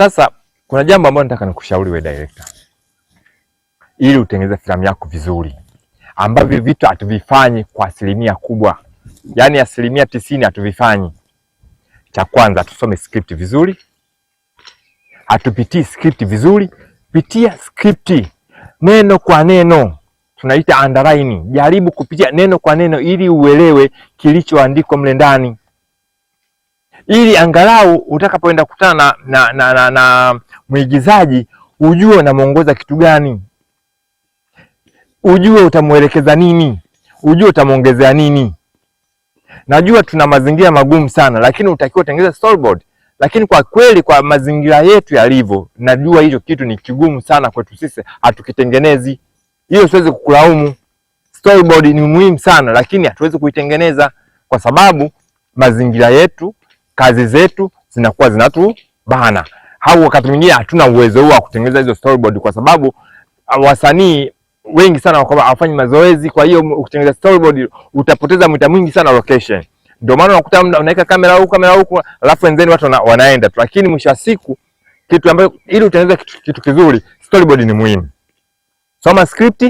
Sasa kuna jambo ambalo nataka nikushauri wewe director, ili utengeneze filamu yako vizuri, ambavyo vitu hatuvifanyi kwa asilimia kubwa, yaani asilimia tisini hatuvifanyi. Cha kwanza tusome script vizuri, hatupitii script vizuri. Pitia script neno kwa neno, tunaita underline. Jaribu kupitia neno kwa neno, ili uelewe kilichoandikwa mle ndani ili angalau utakapoenda kukutana na, na, na, na mwigizaji ujue unamwongoza kitu gani, ujue utamwelekeza nini, ujue utamwongezea nini. Najua tuna mazingira magumu sana, lakini utakiwa utengeneze storyboard. Lakini kwa kweli kwa mazingira yetu yalivyo, najua hicho kitu ni kigumu sana kwetu sisi, hatukitengenezi. Hiyo siwezi kukulaumu. Storyboard ni muhimu sana, lakini hatuwezi kuitengeneza kwa sababu mazingira yetu kazi zetu zinakuwa zinatu bana au wakati mwingine hatuna uwezo huo wa kutengeneza hizo storyboard, kwa sababu ah, wasanii wengi sana hawafanyi mazoezi. Kwa hiyo ukitengeneza storyboard utapoteza muda mwingi sana location. Ndio maana unakuta unaweka kamera huko kamera huko, alafu wenzeni watu wanaenda tu, lakini mwisho wa siku kitu ambacho ili utengeneze kitu, kitu kizuri storyboard ni muhimu. Soma script,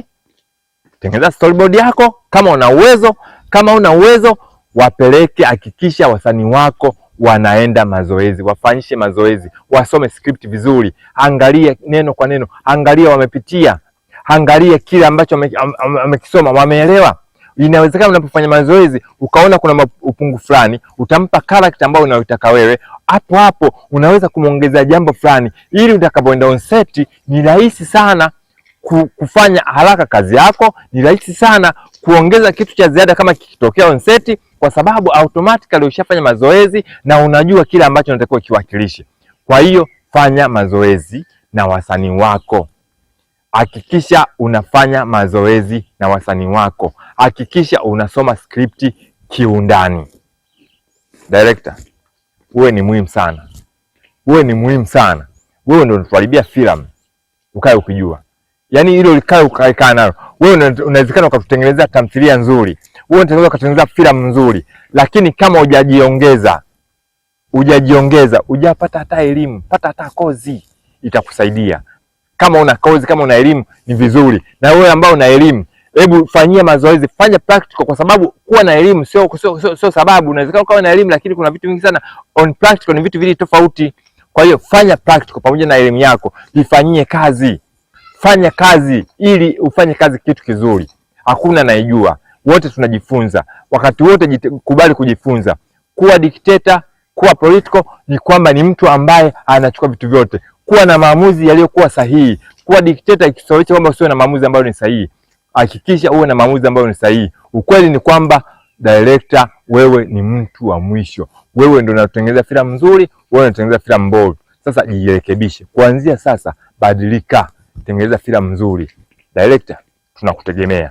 tengeneza storyboard yako kama una uwezo, kama una uwezo wapeleke, hakikisha wasanii wako wanaenda mazoezi, wafanyishe mazoezi, wasome script vizuri, angalia neno kwa neno, angalia wamepitia, angalia kile ambacho wamekisoma, wameelewa. Inawezekana unapofanya mazoezi ukaona kuna upungu fulani, utampa karakta ambayo unayoitaka wewe. Hapo hapo unaweza kumwongezea jambo fulani, ili utakapoenda onseti ni rahisi sana kufanya haraka kazi yako. Ni rahisi sana kuongeza kitu cha ziada kama kikitokea onseti, kwa sababu automatically ushafanya mazoezi na unajua kile ambacho unatakiwa kiwakilishe. Kwa hiyo fanya mazoezi na wasanii wako, hakikisha unafanya mazoezi na wasanii wako, hakikisha unasoma skripti kiundani. Director, wewe ni muhimu sana, wewe ni muhimu sana, wewe ndio unatuharibia filamu, ukae ukijua yani hilo likae ukaekaa nalo wewe. Unawezekana ukatutengenezea tamthilia nzuri, wewe unaweza ukatengeneza filamu nzuri, lakini kama hujajiongeza, hujajiongeza, hujapata hata elimu, pata hata kozi, itakusaidia. Kama una kozi, kama una elimu ni vizuri, na wewe ambao una elimu Hebu fanyia mazoezi, fanya practical, kwa sababu kuwa na elimu sio sio sio, sio sababu. Unaweza kuwa na elimu lakini kuna vitu vingi sana on practical, ni vitu vili tofauti. Kwa hiyo fanya practical pamoja na elimu yako, vifanyie kazi fanya kazi ili ufanye kazi kitu kizuri. Hakuna anayejua, wote tunajifunza wakati wote. Kubali kujifunza. Kuwa dikteta, kuwa political ni kwamba ni mtu ambaye anachukua vitu vyote, kuwa na maamuzi yaliyokuwa sahihi. Kuwa dikteta ikisababisha kwamba usiwe na maamuzi ambayo ni sahihi, hakikisha uwe na maamuzi ambayo ni sahihi. Ukweli ni kwamba director, wewe ni mtu wa mwisho. Wewe ndio unatengeneza filamu nzuri, wewe unatengeneza filamu mbovu. Sasa jirekebishe kuanzia sasa, badilika kutengeneza filamu nzuri. Director, tunakutegemea.